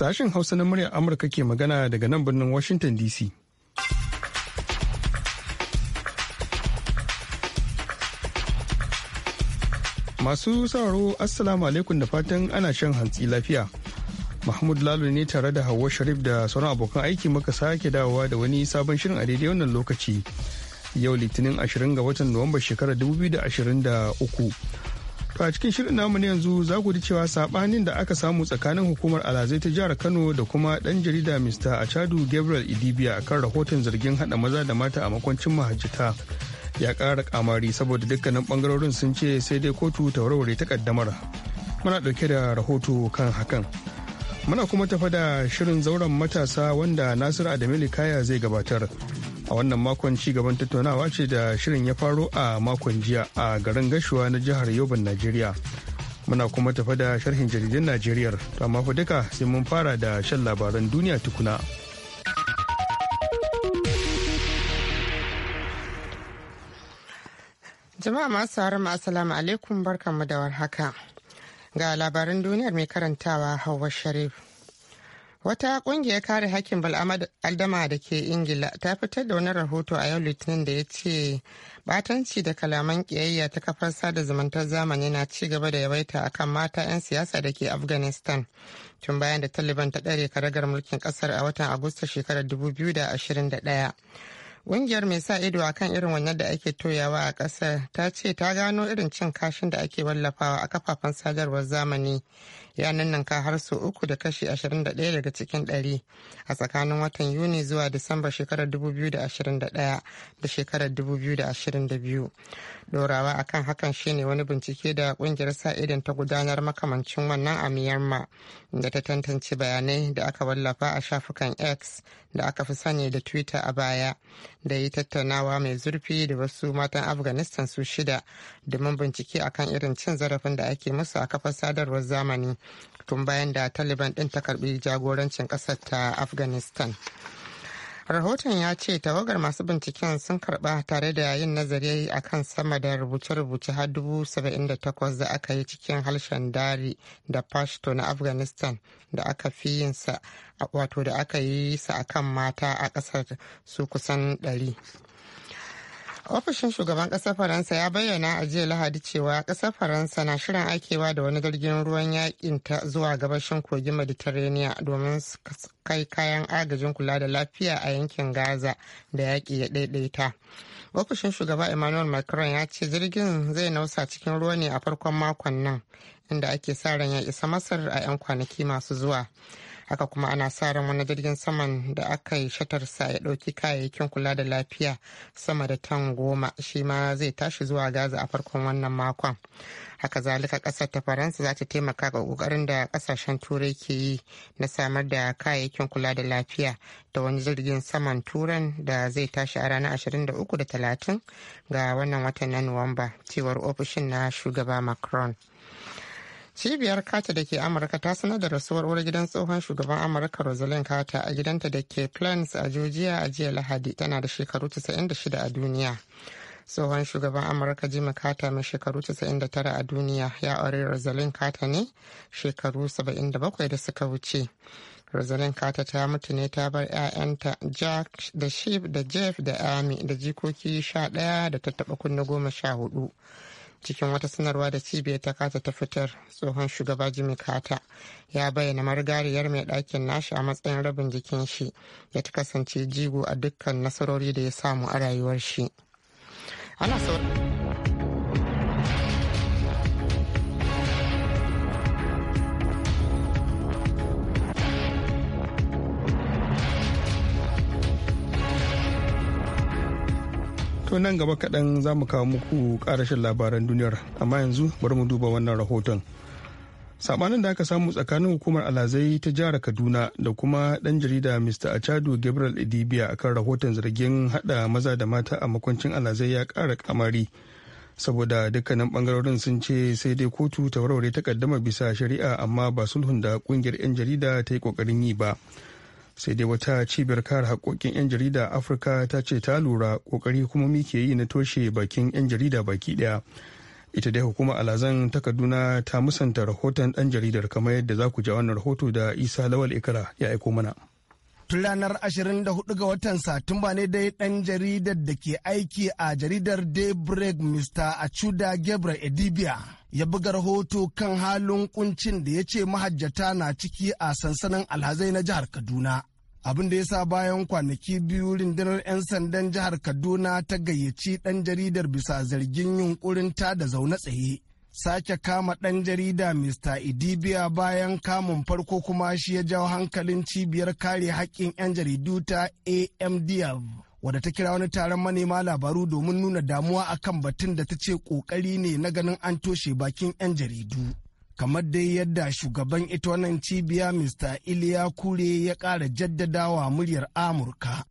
Sashen Hausa na muryar Amurka ke magana daga nan birnin Washington DC. Masu sauraro Assalamu alaikum da fatan ana shan hantsi lafiya. Mahmud lalu ne tare da hawa Sharif da sauran abokan aiki muka sake dawowa da wani sabon shirin a daidai wannan lokaci. Yau Litinin 20 ga watan Nuwamba shekarar 2023. To a cikin shirin namu ne yanzu za ku ji cewa sabanin da aka samu tsakanin hukumar alhazai ta jihar Kano da kuma dan jarida Mr. Achadu Gabriel Idibia akan rahoton zargin hada maza da mata a makwancin mahajjita. Ya ƙara kamari saboda dukkanin bangarorin sun ce sai dai kotu ta warware takaddamar. Muna ɗauke da rahoto kan hakan. Muna kuma tafa da shirin zauren matasa wanda Nasiru Adamili Kaya zai gabatar. a wannan makon ci gaban tattaunawa ce da shirin ya faro a makon jiya a garin gashuwa na jihar yoban najeriya muna kuma tafa da sharhin jaridun najeriya to amma fa duka sai mun fara da shan labaran duniya tukuna jama'a masu harama assalamu alaikum barkanmu da warhaka ga labaran duniyar mai karantawa hawa sharif Wata kungiyar kare hakkin aldama da ke Ingila ta fitar da wani rahoto a yau Litinin da ya ce batanci da kalaman kiyayya ta kafar sada zumuntar zamani na ci gaba da yawaita akan mata 'yan siyasa da ke Afghanistan tun bayan da Taliban ta ɗare karagar mulkin ƙasar a watan Agusta shekarar 2021. Ƙungiyar mai sa ido akan irin wannan da ake toyawa a ƙasar ta ce ta gano irin cin kashin da ake wallafawa a kafafen sadarwar zamani ya ninka har su uku da kashi 21 daga cikin 100 a tsakanin watan Yuni zuwa Disamba shekarar 2021 da shekarar 2022. Dorawa akan hakan shine wani bincike da ƙungiyar sa idon ta gudanar makamancin wannan a Myanmar da ta tantance bayanai da aka wallafa a shafukan X da aka fi sani da twitter a baya da yi tattaunawa mai zurfi da wasu matan afghanistan su shida domin bincike akan irin cin zarafin da ake musu a kafar sadarwar zamani tun bayan da taliban din ta karbi jagorancin kasar ta afghanistan rahoton ya ce tawagar masu binciken sun karba tare da yin nazari a kan sama da rubuce-rubuce har dubu da aka yi cikin harshen dari da pashto na afghanistan da aka fi yin sa wato da aka yi sa akan mata a kasar su kusan 100 Ofishin shugaban ƙasar Faransa ya bayyana a jiya Lahadi cewa ƙasar Faransa na shirin aikewa da wani jirgin ruwan yakin ta zuwa gabashin kogin Mediterranean domin kai kayan agajin kula da lafiya a yankin Gaza da yaƙi ya ɗaiɗaita. Ofishin shugaba Emmanuel Macron ya ce jirgin zai nausa cikin ruwa ne a farkon makon nan inda ake sa ran ya isa Masar a 'yan kwanaki masu zuwa. haka kuma ana sa ran wani jirgin saman da aka yi shatarsa ya ɗauki kayayyakin kula da lafiya sama da tan goma shi ma zai tashi zuwa gaza a farkon wannan makon haka zalika ƙasar ta faransa za ta taimaka ga ƙoƙarin da ƙasashen turai ke yi na samar da kayayyakin kula da lafiya da wani jirgin saman turan da zai tashi a ranar 23 da 30 ga wannan watan na nuwamba cewar ofishin na shugaba macron cibiyar kata da ke amurka ta sanar da rasuwar uwar gidan tsohon shugaban amurka rosalind kata a gidanta da ke plains a georgia a jiya lahadi tana da shekaru 96 a duniya tsohon shugaban amurka jimmy kata mai shekaru 99 a duniya ya aure rosalind kata ne shekaru 77 da suka wuce rosalind kata ta mutu ne ta bar 'ya'yanta jack da sheep da jeff da amy da jikoki 11 da ta taba kunne goma sha hudu cikin wata sanarwa da cibiyar ta kasa ta fitar tsohon shugaba jimmy carter ya bayyana margariyar mai ɗakin nashi a matsayin rabin jikin shi ya ta kasance jigo a dukkan nasarori da ya samu a rayuwar shi ana sauran To nan gaba kaɗan za mu kawo muku ƙarashin labaran duniyar amma yanzu bari mu duba wannan rahoton. Sabanin da aka samu tsakanin hukumar alhazai ta jihar Kaduna da kuma ɗan jarida Mr. Achadu Gabriel a akan rahoton zargin haɗa maza da mata a makwancin alhazai ya kara kamari. Saboda dukkanin bangarorin sun ce sai dai kotu ta warware takaddama bisa shari'a amma ba sulhun da kungiyar 'yan jarida ta yi ƙoƙarin yi ba. sai dai wata cibiyar kare haƙoƙin 'yan jarida afirka ta ce ta lura ƙoƙari kuma ke yi na toshe bakin 'yan jarida baki ɗaya ita dai hukuma alazan ta kaduna ta musanta rahoton ɗan jaridar kamar yadda za ku ja wannan rahoto da isa lawal ikra ya aiko mana. tun ranar 24 ga watan Satumba ne dai ɗan jaridar da ke aiki a jaridar Daybreak Mr. Achuda Gebra Edibia. ya buga rahoto kan halin kuncin da ya ce mahajjata na ciki a sansanin alhazai na jihar Kaduna. Abin da ya sa bayan kwanaki biyu rundunar 'yan sandan jihar Kaduna ta gayyaci ɗan jaridar bisa zargin yunkurin ta da zaune tsaye. sake kama ɗan jarida Mr. Idibia bayan kamun farko kuma shi ya jawo hankalin cibiyar kare haƙƙin 'yan jaridu ta AMDF. wadda ta kira wani taron manema labaru domin nuna damuwa akan batun da ta ce ƙoƙari ne na ganin an toshe bakin 'yan jaridu. kamar dai yadda shugaban ita wannan cibiya mr iliya kure ya ƙara jaddadawa muryar amurka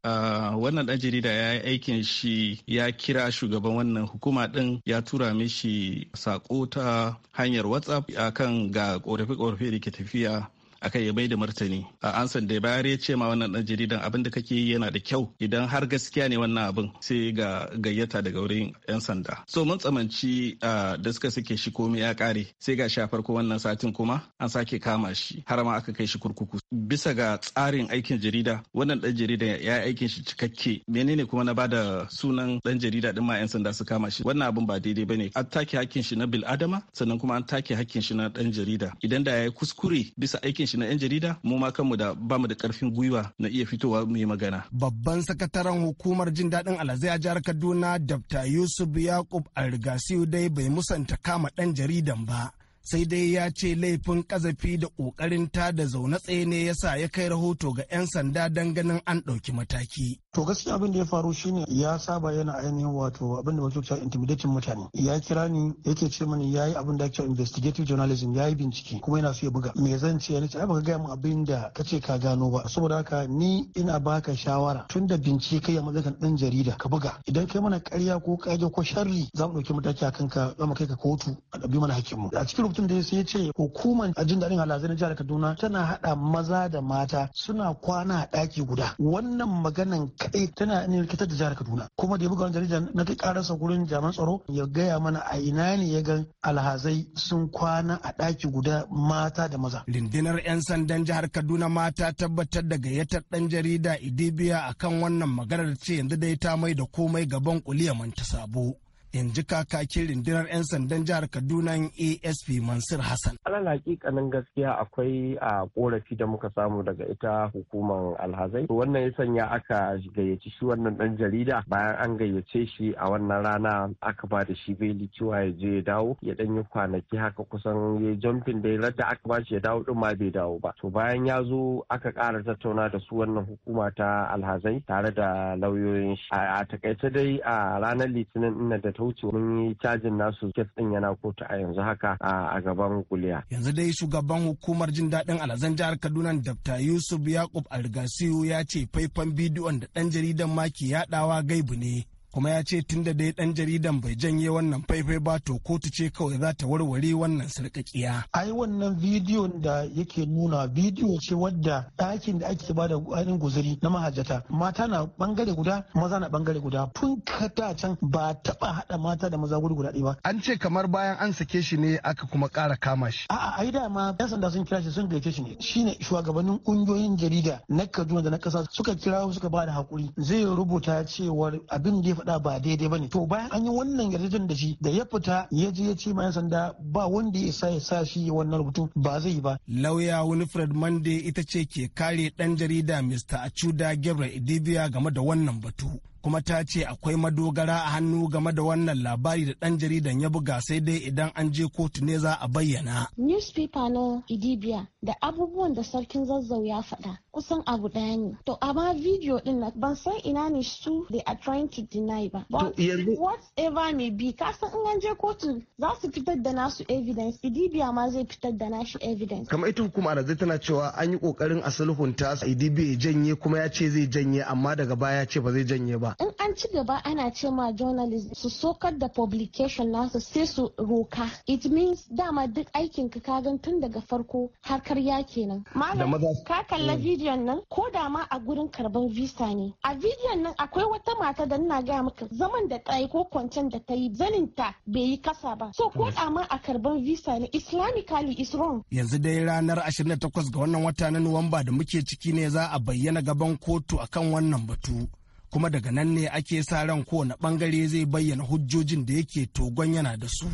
wannan ɗan jarida ya yi aikin shi ya kira shugaban wannan hukuma ɗin, ya tura mishi sako ta hanyar whatsapp akan ga ƙorafe korafe da ke tafiya akan ya da martani a ansan da bayar ya ce ma wannan dan jaridan abin da kake yi yana da kyau idan har gaskiya ne wannan abin sai ga gayyata daga wurin yan sanda so mun tsamanci da suka suke shi komai ya kare sai ga shi a farko wannan satin kuma an sake kama shi har ma aka kai shi kurkuku bisa ga tsarin aikin jarida wannan dan jarida ya yi aikin shi cikakke menene kuma na bada sunan dan jarida din ma yan sanda su kama shi wannan abin ba daidai bane an take hakkin shi na bil adama sannan kuma an take hakkin shi na dan jarida idan da ya yi kuskure bisa aikin shi na 'yan jarida mu ma kanmu da bamu da karfin gwiwa na iya fitowa mu yi magana. Babban sakataren hukumar jin daɗin alazai a jihar Kaduna Dr. Yusuf Yakub Algasiu dai bai musanta kama ɗan jaridan ba. sai dai ya ce laifin kazafi da ƙoƙarin ta da zaune tsaye ne ya sa ya kai rahoto ga 'yan sanda don ganin an ɗauki mataki. To gaskiya abin da ya faru shine ya saba yana ainihin wato abin da wato intimidating mutane. Ya kira ni yake ce mani ya yi abin da ake investigative journalism ya yi bincike kuma yana so ya buga. Me zan ce ce ai baka gaya min abin da ka ce ka gano ba. Saboda haka ni ina baka shawara tun da bincike kai a matsayin ɗan jarida ka buga. Idan kai mana karya ko kage ko sharri za mu ɗauki mataki a kanka za mu kai ka kotu a ɗabi mana hakimu. A cikin rahoton da ya ce hukumar jin daɗin alhazai na jihar kaduna tana haɗa maza da mata suna kwana a ɗaki guda wannan maganan kaɗai tana rikitar da jihar kaduna kuma da ya buga jarida na ta karasa gurin jami'an tsaro ya gaya mana a ina ne ya ga alhazai sun kwana a ɗaki guda mata da maza. Lindinar 'yan sandan jihar Kaduna mata tabbatar da gayyatar ɗan jarida Idibiya akan wannan maganar ce yanzu dai ta mai da komai gaban kuliyar manta sabo. in ji kakakin rundunar 'yan sandan jihar kaduna asp mansur hassan alal hakikanin gaskiya akwai a korafi da muka samu daga ita hukumar alhazai wannan ya sanya aka gayyaci shi wannan dan jarida bayan an gayyace shi a wannan rana aka ba da shi beli cewa ya je ya dawo ya dan yi kwanaki haka kusan ya jamfin da ya da aka ba shi ya dawo din ma bai dawo ba to bayan ya zo aka ƙara tattauna da su wannan hukuma ta alhazai tare da lauyoyin shi a takaice dai a ranar litinin ina da ta wuce mun yi cajin nasu kes din yana kotu a yanzu haka a gaban kuliya. Yanzu dai shugaban hukumar jin daɗin alhazan jihar Kaduna Dr. Yusuf Yakub Algasiyu ya ce faifan bidiyon da ɗan jaridan maki yaɗawa gaibu ne. kuma ya ce tun da dai dan jaridan bai janye wannan faifai ba to kotu ce kawai za ta warware wannan sarkakiya. ai wannan bidiyon da yake nuna bidiyo ce wadda ɗakin da ake ba da ainihin guzuri na mahajjata mata na bangare guda maza na bangare guda tun kata can ba taba haɗa mata da maza guri guda ba. an ce kamar bayan an sake shi ne aka kuma ƙara kama shi. a'a ai dama yan sanda sun kira shi sun gaice shi ne shine shugabannin ƙungiyoyin jarida na kaduna da na kasa suka kira suka ba da haƙuri zai rubuta cewar abin da ya faɗa faɗa ba daidai bane to bayan an yi wannan yarjejen da shi da ya fita ya je ya ce ma 'yan sanda ba wanda ya sa ya sa shi wannan rubutu ba zai yi ba lauya Wilfred Mande ita ce ke kare dan jarida Mr. Achuda Gabriel Idibia game da wannan batu kuma ta ce akwai madogara a hannu game da wannan labari da ɗan jaridan ya buga sai dai idan an je kotu ne za a bayyana. Newspaper na Idibia da abubuwan da sarkin zazzau ya faɗa kusan abu ɗaya ne. To amma video ɗin na ban san ina ne su they are trying to deny ba. whatever may be ka san in an je kotu za su fitar da nasu evidence Idibia ma zai fitar da nashi evidence. Kamar ita hukuma da zai tana cewa an yi kokarin a sulhunta Idibia ya janye kuma ya ce zai janye amma daga baya ya ce ba zai janye ba. ba. In an ci gaba ana ce ma journalist su sokar da publication nasu sai su roka. It means dama duk aikin ka kagan tun daga farko har karya kenan. Malam ka kalla mm. bidiyon nan ko da ma a gurin karban visa ne. A bidiyon nan akwai wata mata da nuna gaya maka zaman da ta ko kwancen da ta yi zanin ta bai yi kasa ba. So ko mm. da ma a karban visa ne Islamically is wrong. Yanzu dai ranar 28 ga wannan wata na Nuwamba da muke ciki ne za a bayyana gaban kotu akan wannan batu. kuma daga nan ne ake sa ran kowane ɓangare zai bayyana hujjojin da yake togon yana da su.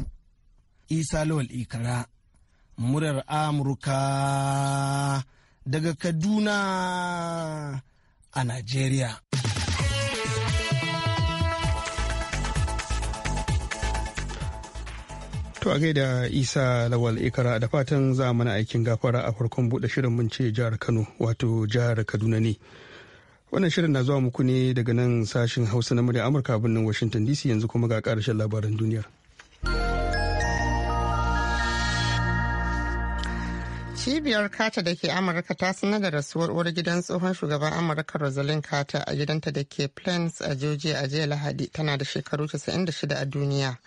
Isa Lawal Ikara, murar Amurka daga Kaduna a Najeriya. To a gaida Isa Lawal Ikara da fatan za aikin gafara a farkon buɗe shirin mun ce jihar Kano wato jihar Kaduna ne. Wannan shirin na zuwa muku ne daga nan sashen Hausa na murya Amurka birnin Washington DC yanzu kuma ga karshen labaran duniyar. Cibiyar Kata da ke Amurka ta sanar da rasuwar uwar gidan tsohon shugaban Amurka Rosalind kata a gidanta da ke Plains a Georgia a jiya Lahadi tana da shekaru 96 a duniya.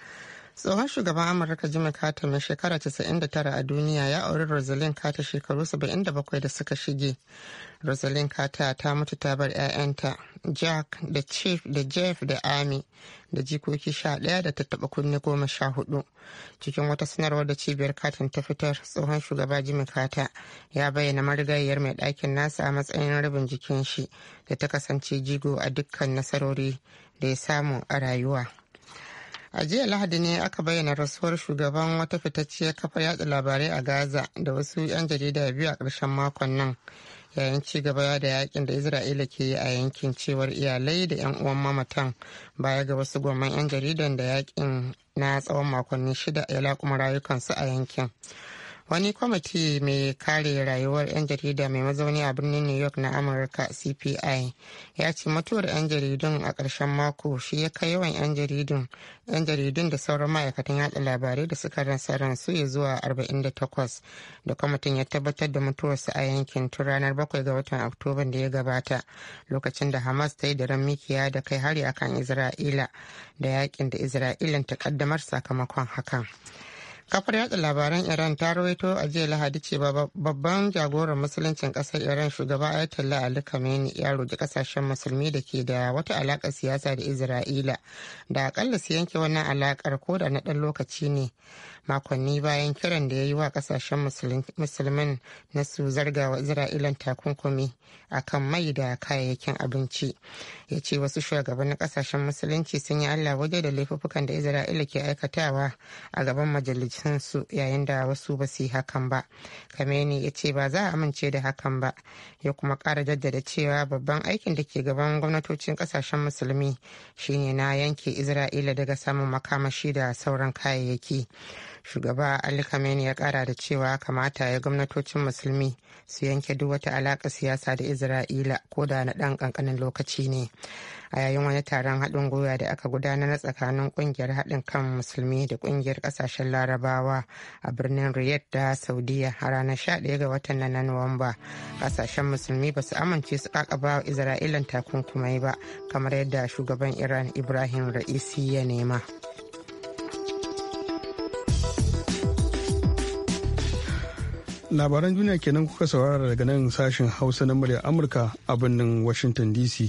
tsohon shugaban amurka jimmy carter mai shekara 99 a duniya ya auri rosalind kata shekaru 77 da suka shige rosalind carter ta mutu ta bar 'ya'yanta jack da chief da jeff da amy da jikoki sha ɗaya da ta taba kunne goma sha hudu cikin wata sanarwar da cibiyar katin ta fitar tsohon shugaba jimmy carter ya bayyana marigayiyar mai ɗakin nasa a matsayin rabin jikin shi da ta kasance jigo a dukkan nasarori da ya samu a rayuwa a jiya lahadi ne aka bayyana rasuwar shugaban wata fitacciyar kafar yatsa labarai a gaza da wasu 'yan jarida biyu a ƙarshen makon nan yayin ci gaba da yakin da isra'ila ke yi a yankin cewar iyalai da 'yan uwan mamatan baya ga wasu goman 'yan jaridan da yakin na tsawon makonni shida ya laƙuma rayukansu a yankin wani kwamiti mai kare rayuwar 'yan jarida mai mazauni a birnin new york na amurka cpi ya ce mutuwar 'yan jaridun a ƙarshen mako shi ya kai yawan 'yan jaridun da sauran ma'aikatan yada labarai da suka ransa ransu ya zuwa 48 da kwamitin ya tabbatar da mutuwarsu a yankin tun ranar 7 ga watan oktoba da ya gabata lokacin da hamas ta yi da ran mikiya da kai hari akan isra'ila da yakin da isra'ilan ta kaddamar sakamakon hakan kafar yatsa labaran iran ta rawaito a jiya lahadi ce babban jagoran musuluncin kasar iran shugaba ayatollah ali khamenei ya roƙi kasashen musulmi da ke da wata alaƙar siyasa da isra'ila da akalla su yanke wannan alaƙar ko da na ɗan lokaci ne makonni bayan kiran da ya yi wa kasashen musulmin na su zarga wa isra'ilan takunkumi akan mai da kayayyakin abinci ya ce wasu shugabannin kasashen musulunci sun yi allah waje da laifuffukan da isra'ila ke aikatawa a gaban majalisa su yayin da wasu ba su yi hakan ba kameni ya ce ba za a amince da hakan ba ya kuma kara jaddada cewa babban aikin da ke gaban gwamnatocin kasashen musulmi shine na yanke isra'ila daga samun makamashi da sauran kayayyaki shugaba ali khamenei ya kara da cewa kamata ya gwamnatocin musulmi su yanke duk wata alaƙa siyasa da isra'ila ko da na ɗan ƙanƙanin lokaci ne a yayin wani taron haɗin gwiwa da aka gudanar tsakanin ƙungiyar haɗin kan musulmi da ƙungiyar ƙasashen larabawa a birnin riyadh da saudiya a ranar 11 ga watan na nuwamba ƙasashen musulmi ba su amince su ba wa isra'ilan takunkumai ba kamar yadda shugaban iran ibrahim ra'isi ya nema. labaran duniya kenan kuka saurara daga nan sashen hausa na murya amurka a birnin washington dc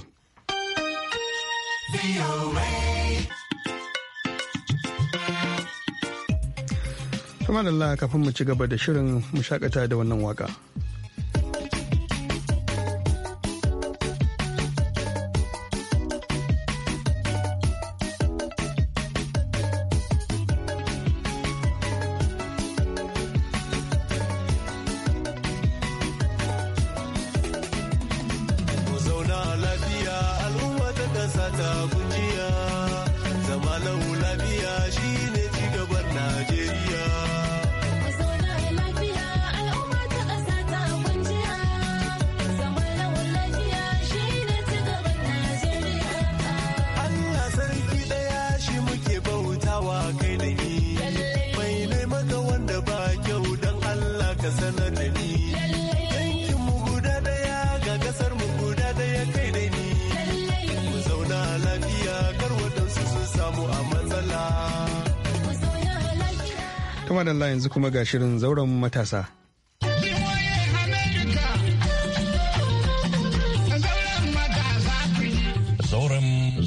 kuma da kafin mu ci gaba da shirin mu shakata da wannan waka. la yanzu kuma ga shirin zauren matasa.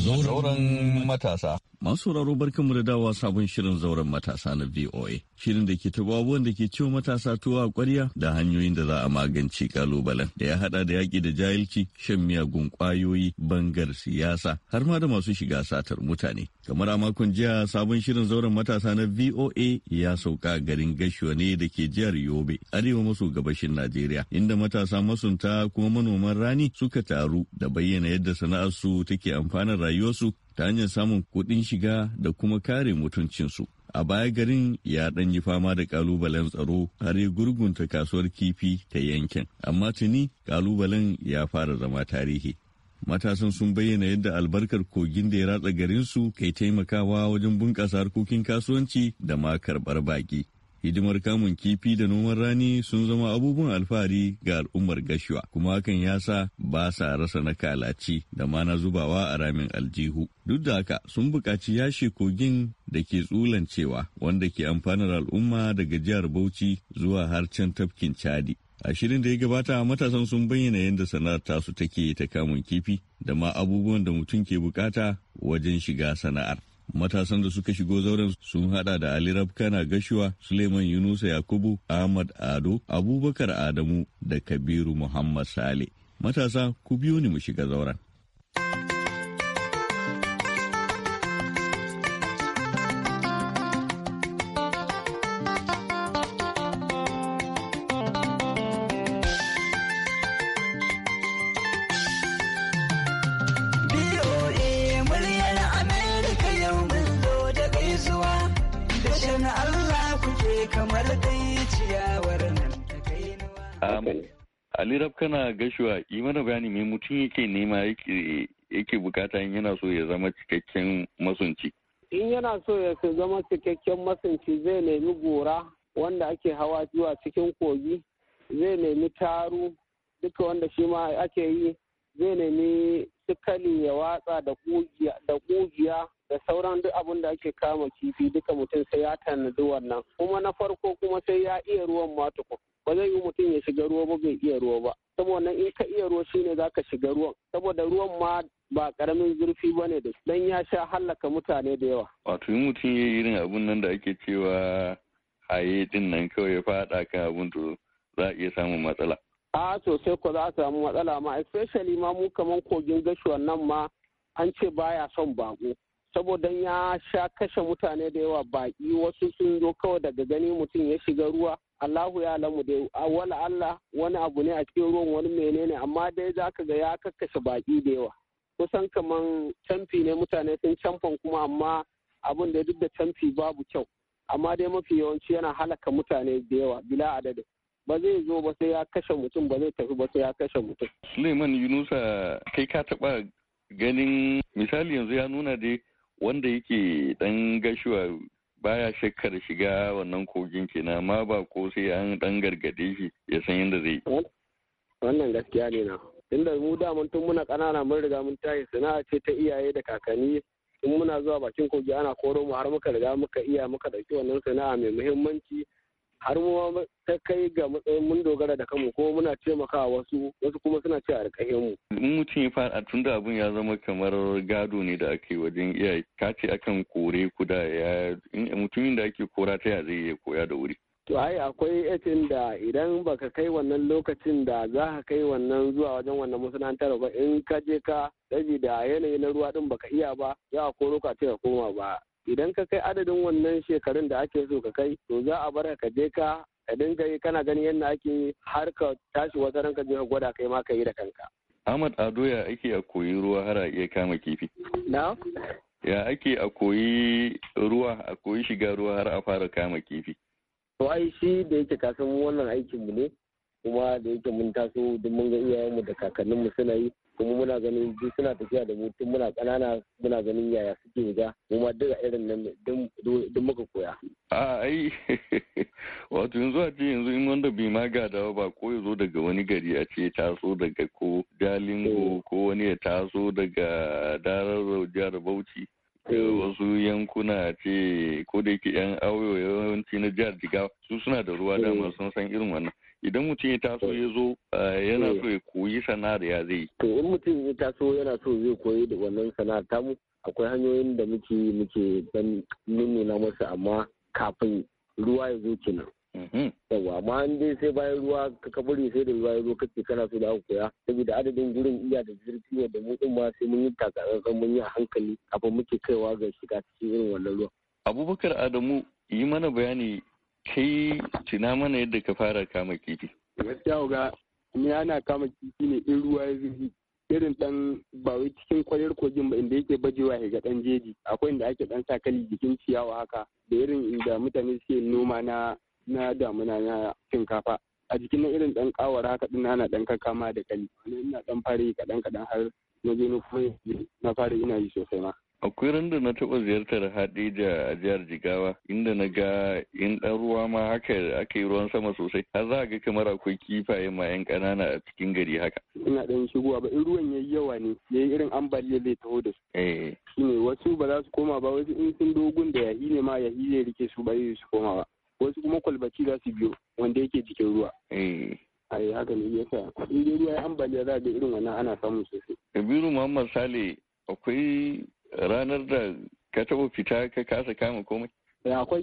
Zauren matasa. Masu sauraro barkanmu da dawa sabon shirin zauren matasa na VOA. Shirin da ke taɓa da ke ciwo matasa tuwa a ƙwarya da hanyoyin da za a magance kalubalen da ya haɗa da yaƙi da jahilci, shan miyagun ƙwayoyi, bangar siyasa, har ma da masu shiga satar mutane. Kamar a makon jiya sabon shirin zauren matasa na VOA ya sauka garin Gashuwa ne da ke jihar Yobe, arewa maso gabashin Najeriya, inda matasa masunta kuma manoman rani suka taru da bayyana yadda sana'arsu take amfanar rayuwarsu ta hanyar samun kuɗin shiga da kuma kare mutuncinsu. A baya garin ya ɗan yi fama da ƙalubalen tsaro har ya gurgunta kasuwar kifi ta yankin, amma tuni ƙalubalen ya fara zama tarihi. Matasan sun bayyana yadda albarkar kogin da ya ratsa garinsu kai taimakawa wajen bunƙasa harkokin kasuwanci da ma karɓar baƙi. hidimar kamun kifi da noman rani sun zama abubuwan alfahari ga al'ummar gashuwa kuma hakan ya sa ba sa rasa na kalaci da ma na zubawa a ramin aljihu duk da haka sun buƙaci yashe kogin da ke tsulancewa wanda ke amfanar al'umma daga jihar bauchi zuwa harcen tafkin chadi a shirin da ya gabata matasan sun bayyana yadda sana'ar tasu take ta kamun kifi da ma abubuwan da mutum ke bukata wajen shiga sana'ar Matasan da suka shigo zauren sun hada da Ali Rabkana Gashuwa, Suleiman Yunusa Yakubu, Ahmad Ado, Abubakar Adamu da Kabiru Muhammad Sale. Matasa ku biyo ni mu shiga zauren. Ali Rab kana gashuwa yi mana bayani me mutum yake nema yake bukata in yana so ya zama cikakken masunci. In yana so ya zama cikakken masunci zai nemi gora wanda ake hawa zuwa cikin kogi zai nemi taru duka wanda shi ma ake yi zai nemi sikali ya watsa da ƙugiya da sauran duk abin da ake kama kifi duka mutum sai ya tanadi wannan kuma na farko kuma sai ya iya ruwan ma tukun ba zai yi mutum ya shiga ruwa ba bai iya ruwa ba saboda in ka iya ruwa shine zaka shiga ruwan saboda ruwan ma ba karamin zurfi ba ne da ya sha hallaka mutane da yawa wato in mutum ya yi irin abun nan da ake cewa haye din nan kawai ya faɗa kan abun to za a iya samun matsala a sosai ko za a samu matsala ma especially ma mu kaman kogin gashuwan nan ma an ce baya son bako saboda ya sha kashe mutane da yawa baki wasu sun zo kawai daga gani mutum ya shiga ruwa Allahu ya lamu dai wala Allah wani abu ne a cikin ruwan wani menene amma dai za ka ga ya kakkashe baki da yawa kusan kaman camfi ne mutane sun camfan kuma amma abin da duk da camfi babu kyau amma dai mafi yawanci yana halaka mutane da yawa bila adadin ba zai zo ba sai ya kashe mutum ba zai tafi ba sai ya kashe mutum. Suleiman Yunusa kai ka taba ganin misali yanzu ya nuna dai wanda yake dan gashuwa baya shakkar shiga wannan kogin kenan amma ba ko sai an dan gargade shi ya san yadda zai Wannan gaskiya ne na. Inda mu da mun tun muna ƙanana mun riga mun tashi sana'a ce ta iyaye da kakanni in muna zuwa bakin kogi ana koro mu har muka riga muka iya muka ɗauki wannan sana'a mai muhimmanci har mu ta kai ga matsayin mun dogara da kanmu ko muna taimakawa wasu wasu kuma suna ce a rikahe mu. mutum ya fara tun da abin ya zama kamar gado ne da ake wajen iyaye ka ce akan kore ku da ya mutumin da ake kora ta ya zai iya koya da wuri. to ai akwai etin da idan baka kai wannan lokacin da za ka kai wannan zuwa wajen wannan masana'antar ba in ka je ka da yanayi na ruwa din baka iya ba za a koro ka ce ka koma ba idan ka kai adadin wannan shekarun da ake so ka kai to za a bar ka je ka ka dinga yi kana ganin yadda ake har ka tashi wata ranka je ka gwada kai ma ka yi da kanka Ahmad Ado ya ake a koyi ruwa har a iya kama kifi na ya ake a koyi ruwa a koyi shiga ruwa har a fara kama kifi to ai shi da yake kasan wannan aikin mu ne kuma da yake mun taso duk mun ga iyayenmu da kakanninmu suna yi kuma muna ganin duk suna tafiya da mu tun muna kanana muna ganin yaya suke wuga mu ma duk irin nan duk muka koya a ai wato yanzu a ce yanzu in wanda bai ma dawa ba ko ya zo daga wani gari a ce taso daga ko dalingo eh. ko wani ya taso daga darar jihar bauchi eh. wasu yankuna ce ko da yake yan auyo yawanci na jihar jigawa su suna da ruwa dama eh. sun san irin wannan idan mutum ya taso ya zo eh, yana eh. so ya koyi sana'ar ya zai to in mutum ya taso yana so zai koyi da wannan sana'ar tamu akwai hanyoyin da muke muke dan nuna masa amma kafin ruwa ya zo kenan mm-hmm. yawa amma an dai sai bayan ruwa ka kabari sai da ruwa ya zo kace kana so da aka koya saboda adadin gurin iya da zurfi da mu din ma sai mun yi takatsantsan mun yi hankali kafin muke kaiwa ga shiga cikin irin wannan ruwa abubakar adamu yi mana bayani kai tuna mana yadda ka fara kama kifi gaskiya ga ni ana kama kifi ne in ruwa ya zubi irin dan ba wai cikin kwayar kogin ba inda yake bajewa ya ga dan jeji akwai inda ake dan sa kali jikin ciyawa haka da irin inda mutane suke noma na na damuna na shinkafa a jikin na irin dan kawara haka din ana dan kakama da kali ina dan fara kadan kadan har na je kuma na fara ina yi sosai ma akwai randa na taɓa ziyartar hadija a jihar jigawa inda na ga in ɗan ruwa ma haka aka yi ruwan sama sosai har za a ga kamar akwai kifaye ma yan ƙanana a cikin gari haka ina ɗan shigowa ba in ruwan yayi yawa ne yayi irin ambaliya zai taho da su eh shine wasu ba za su koma ba wasu in sun dogon da yahi ne ma yahi zai rike su ba zai su koma ba wasu kuma kwalbaci za su biyo wanda yake jikin ruwa eh ai haka ne yasa in dai ruwa ya ambaliya za a ga irin wannan ana samun sosai kabiru muhammad sale akwai ranar da ka taɓa fita ka kasa kama komai? Ya akwai.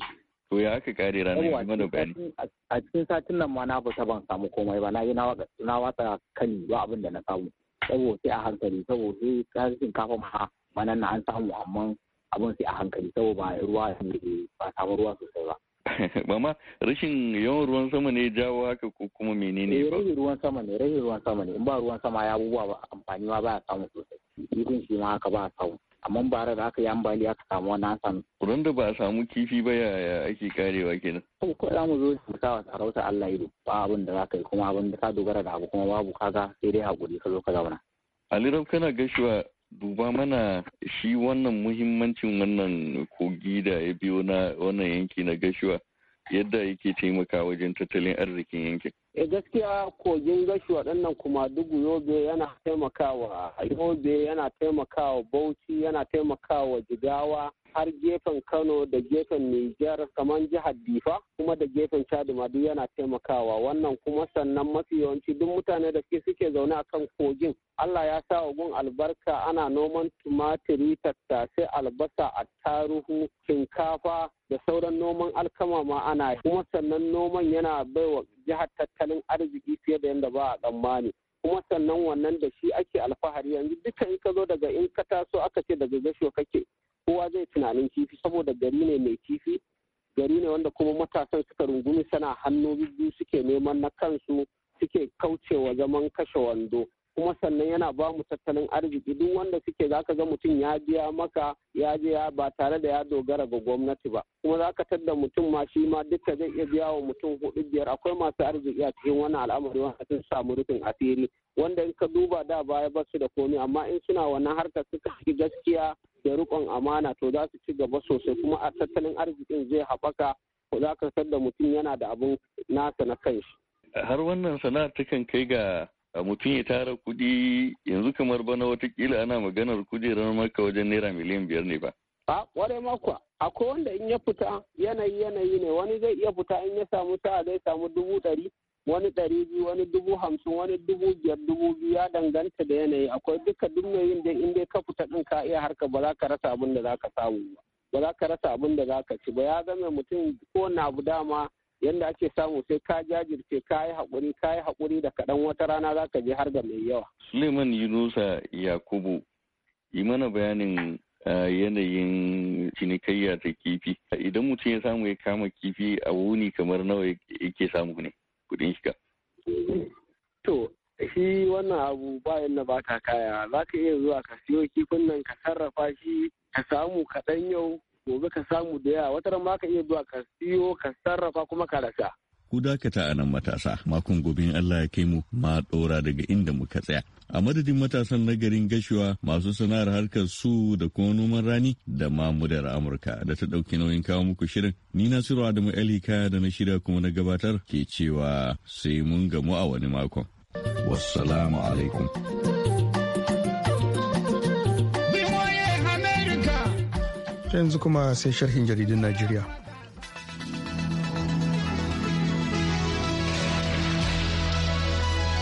To ya aka kare ranar da mana bayani. A cikin satin nan ma na fita ban samu komai ba na yi na watsa kan ba abin da na samu. Saboda sai a hankali saboda sai kasashen kafa ma manan na an samu amma abin sai a hankali saboda ba ruwa ba samu ruwa sosai ba. Mama rashin yawan ruwan sama ne jawo haka ko kuma menene eh, ba? Rashin ruwan sama ne, rashin ruwan sama ne. In ba ruwan sama ya abubuwa ba amfani ma ba a samu sosai. Ikun shi ma haka ba a samu. kamar bara da ka yi bali aka samu wani hasan. Kudin da ba a samu kifi ba yaya ake karewa kenan. Ko ko za mu zo su sa sarauta Allah ido ba abin da za ka yi kuma abin da ka dogara da abu kuma babu kaga sai dai hakuri ka zo ka zauna. Ali Rauf kana gaishewa duba mana shi wannan muhimmancin wannan kogi da ya biyo na wannan yanki na gaishewa yadda yake taimaka wajen tattalin arzikin yankin. e gaskiya kogin gashi waɗannan kuma dugu yobe yana taimakawa yobe yana taimakawa bauchi yana taimakawa jigawa har gefen kano da gefen Niger kamar jihar difa kuma da gefen chad ma duk yana taimakawa wannan kuma sannan mafi yawanci duk mutane da suke zaune a kan kogin allah ya sa wa gun albarka ana noman tumatiri tattasai albasa attaruhu shinkafa da sauran noman alkama ma ana kuma sannan noman yana baiwa jihar tattalin arziki fiye da yadda ba a tsammani kuma sannan wannan da shi ake alfahari yanzu duka in ka zo daga in ka taso aka ce daga gasho kake kowa zai tunanin kifi saboda gari ne mai kifi gari ne wanda kuma matasan suka rungumi sana hannu biyu suke neman na kansu suke kaucewa zaman kashe wando kuma sannan yana ba mu tattalin arziki duk wanda suke zaka ga mutum ya biya maka ya je ya ba tare da ya dogara ga gwamnati ba kuma zaka tadda mutum ma shi ma duka zai iya biya wa mutum hudu biyar akwai masu arziki a cikin wannan al'amari wanda sun samu rufin asiri wanda in ka duba da baya ba su da komi amma in suna wannan harkar suka yi gaskiya da riƙon amana to za su ci gaba sosai kuma a tattalin arzikin zai haɓaka ko za ka da mutum yana da abin nasa na kanshi. har wannan sana'a kan kai ga mutum ya tara kuɗi yanzu kamar bana watakila ana maganar kujerar maka wajen naira miliyan biyar ne ba. a ware makwa akwai wanda in ya fita yanayi yanayi ne wani zai iya fita in ya samu sa'a zai samu dubu ɗari wani ɗari biyu wani dubu hamsin wani dubu biyar dubu biyu ya danganta da yanayi akwai duka duk mai yin da in dai ka fita ɗin ka iya harka ba za ka rasa abin da za ka samu ba ba za ka rasa abin da za ka ci ba ya zama mutum na abu dama yadda ake samu sai ka jajirce ka yi haƙuri ka yi haƙuri da kaɗan wata rana za ka je har ga mai yawa. Suleiman Yunusa Yakubu yi mana bayanin yanayin cinikayya ta kifi idan mutum ya samu ya kama kifi a wuni kamar nawa yake samu ne. kudin shiga to shi wannan abu bayan na baka kaya za ka iya zuwa ka siyo kifin nan ka sarrafa shi ka samu kaɗan yau gobe ka samu da yawa wata ma ka iya zuwa ka siyo ka sarrafa kuma ka rasa ku dakata a nan matasa makon gobe Allah ya kai mu ma dora daga inda muka tsaya. A madadin matasan na garin gashuwa masu sana'ar harkar su da kuma noman rani da ma mudar Amurka da ta ɗauki nauyin kawo muku shirin. Ni na Siro Adamu kaya da na shirya kuma na gabatar ke cewa sai mun gamu a wani makon. Wassalamu alaikum. Yanzu kuma sai sharhin jaridun Najeriya.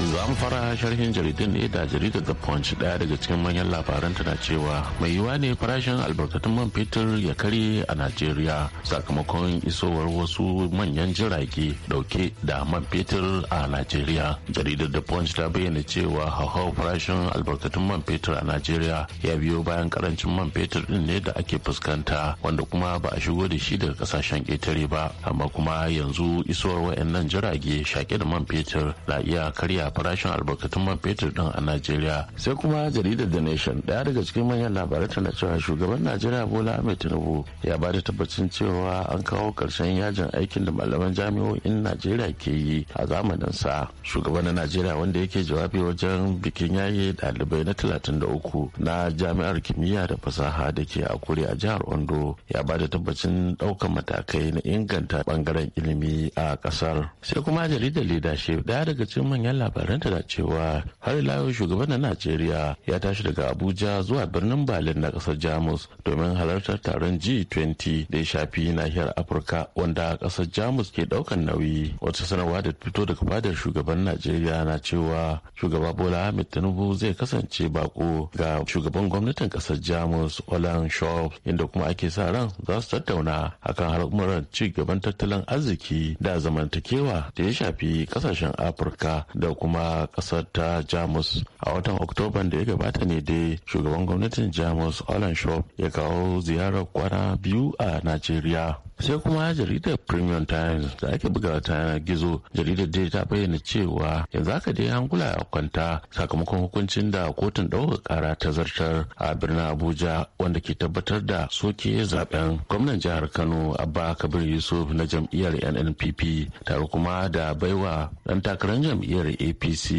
za an fara sharhin jaridun ne da jaridar da Punch daya daga cikin manyan labaran tana cewa mai yiwuwa ne farashin albarkatun man fetur ya kare a Najeriya sakamakon isowar wasu manyan jirage dauke da man fetur a Najeriya. Jaridar da Punch ta bayyana cewa hauhawar farashin albarkatun man fetur a Najeriya ya biyo bayan karancin man fetur din ne da ake fuskanta wanda kuma ba a shigo da shi daga kasashen ketare ba amma kuma yanzu isowar wayannan jirage shaƙe da man fetur na iya karya farashin albarkatun man fetur din a najeriya sai kuma jaridar the nation daya daga cikin manyan labarai tana cewa shugaban najeriya bola ahmed tinubu ya ba da tabbacin cewa an kawo karshen yajin aikin da malaman jami'o'in najeriya ke yi a zamanin sa shugaban na najeriya wanda yake jawabi wajen bikin yaye dalibai na 33 na jami'ar kimiyya da fasaha da ke a kure a jihar ondo ya ba da tabbacin ɗaukan matakai na inganta bangaren ilimi a ƙasar sai kuma jaridar leadership daya daga cikin manyan labarai labarinta da cewa har yau shugaban na najeriya ya tashi daga abuja zuwa birnin berlin na kasar jamus domin halartar taron g20 da ya shafi nahiyar afirka wanda kasar jamus ke daukan nauyi wata sanarwa da fito daga fadar shugaban najeriya na cewa shugaba bola ahmed tinubu zai kasance bako ga shugaban gwamnatin kasar jamus olan shop inda kuma ake sa ran za su tattauna akan al'amuran ci gaban tattalin arziki da zamantakewa da ya shafi kasashen afirka da kuma kuma kasar ta jamus a watan Oktoba da ya gabata ne dai shugaban gwamnatin jamus olin shop ya kawo ziyarar kwana biyu a najeriya sai kuma jaridar premium times da ake buga ta yanar gizo jaridar dai ta bayyana cewa yanzu aka dai hankula a kwanta sakamakon hukuncin da kotun ɗaukar kara ta zartar a birnin abuja wanda ke tabbatar da soke zaben gwamnan jihar kano abba kabir yusuf na jam'iyyar nnpp tare kuma da baiwa ɗan takarar jam'iyyar ap apc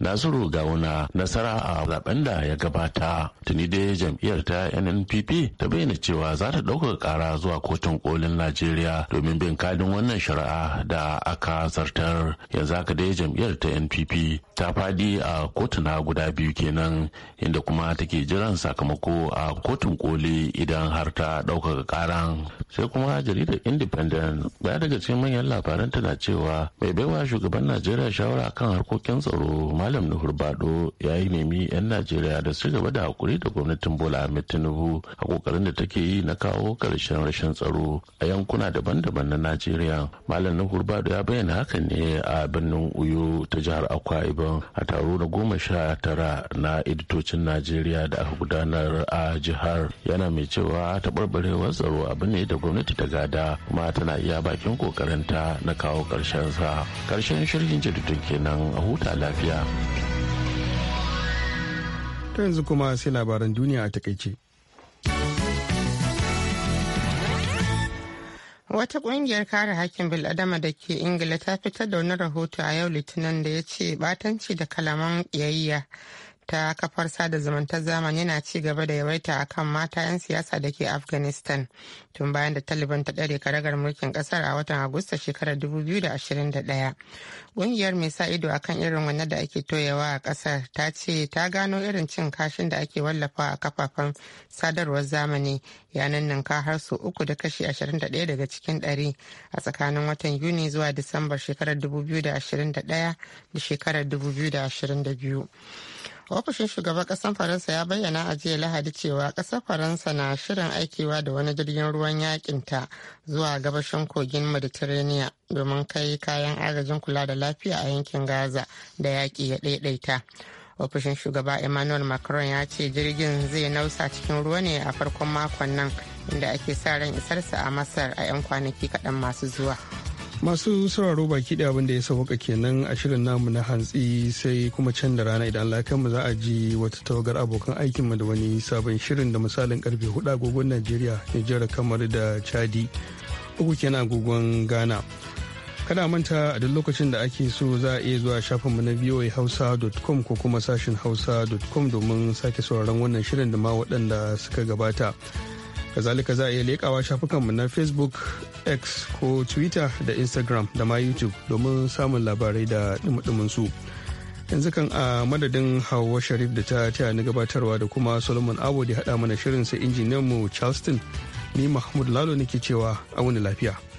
nasiru gawuna nasara a zaben da ya gabata tuni dai jam'iyyar ta nnpp ta bayyana cewa za ta ɗaukaka kara zuwa kotun kolin najeriya domin bin kadin wannan shari'a da aka zartar yanzu haka dai jam'iyyar ta npp ta fadi a kotuna guda biyu kenan inda kuma take jiran sakamako a kotun koli idan har ta ɗaukaka ƙaran sai kuma jaridar independent daya daga cikin manyan labaran tana cewa mai baiwa shugaban najeriya shawara kan harkokin abokin tsaro malam nuhur bado ya yi nemi 'yan najeriya da su gaba da hakuri da gwamnatin bola ahmed tinubu a kokarin da take yi na kawo karshen rashin tsaro a yankuna daban-daban na najeriya malam nuhur bado ya bayyana hakan ne a birnin uyo ta jihar akwa ibom a taro na goma sha tara na editocin najeriya da aka gudanar a jihar yana mai cewa taɓarɓarewar tsaro abu ne da gwamnati ta gada kuma tana iya bakin kokarinta na kawo ƙarshen sa Karshen shirin jaridun kenan a huta lafiya. Ta yanzu kuma sai labaran duniya a takaice. Wata ƙungiyar kare hakkin bil'adama da ke Ingila ta fitar da wani rahoto a yau Litinin da ya ce batanci da kalaman ƙiyayya ta kafar sada zumunta zamani yana ci gaba da yawaita a kan mata 'yan siyasa da ke afghanistan tun bayan da taliban ta ɗare karagar mulkin ƙasar a watan agusta shekarar 2021 ƙungiyar mai sa ido akan irin wannan da ake toyawa a ƙasar ta ce ta gano irin cin kashin da ake wallafa a kafafen sadarwar zamani yanan nan ka har su uku da kashi 21 daga cikin ɗari a tsakanin watan yuni zuwa disambar shekarar 2021 da shekarar 2022 ofishin shugaban kasar faransa ya bayyana a jiya lahadi cewa kasar faransa na shirin aikewa da wani jirgin ruwan yakinta zuwa gabashin kogin mediterranean domin kai kayan agajin kula da lafiya a yankin gaza da yaƙi ya ɗaiɗaita ofishin shugaba emmanuel macron ya ce jirgin zai nausa cikin ruwa ne a farkon makon nan inda ake sa ran isarsa a masar a 'yan kwanaki kaɗan masu zuwa masu sauraro baki da abin da ya sauka kenan a shirin namu na hantsi sai kuma can da rana idan Allah mu za a ji wata tawagar abokan aikin da wani sabon shirin da misalin karfe hudu agogon Najeriya Nijar kamar da Chadi uku kenan agogon Ghana kada manta a duk lokacin da ake so za a iya zuwa shafinmu na voahausa.com ko kuma sashin hausa.com domin sake sauraron wannan shirin da ma waɗanda suka gabata. kazalika za a iya leƙawa shafukanmu na facebook x ko twitter da instagram da ma youtube domin samun labarai da dumudumin su yanzu kan a madadin hawa sharif da ta taya ni gabatarwa da kuma solomon abu da haɗa mana shirin sai mu charleston ni mahmud lalo nake cewa a wani lafiya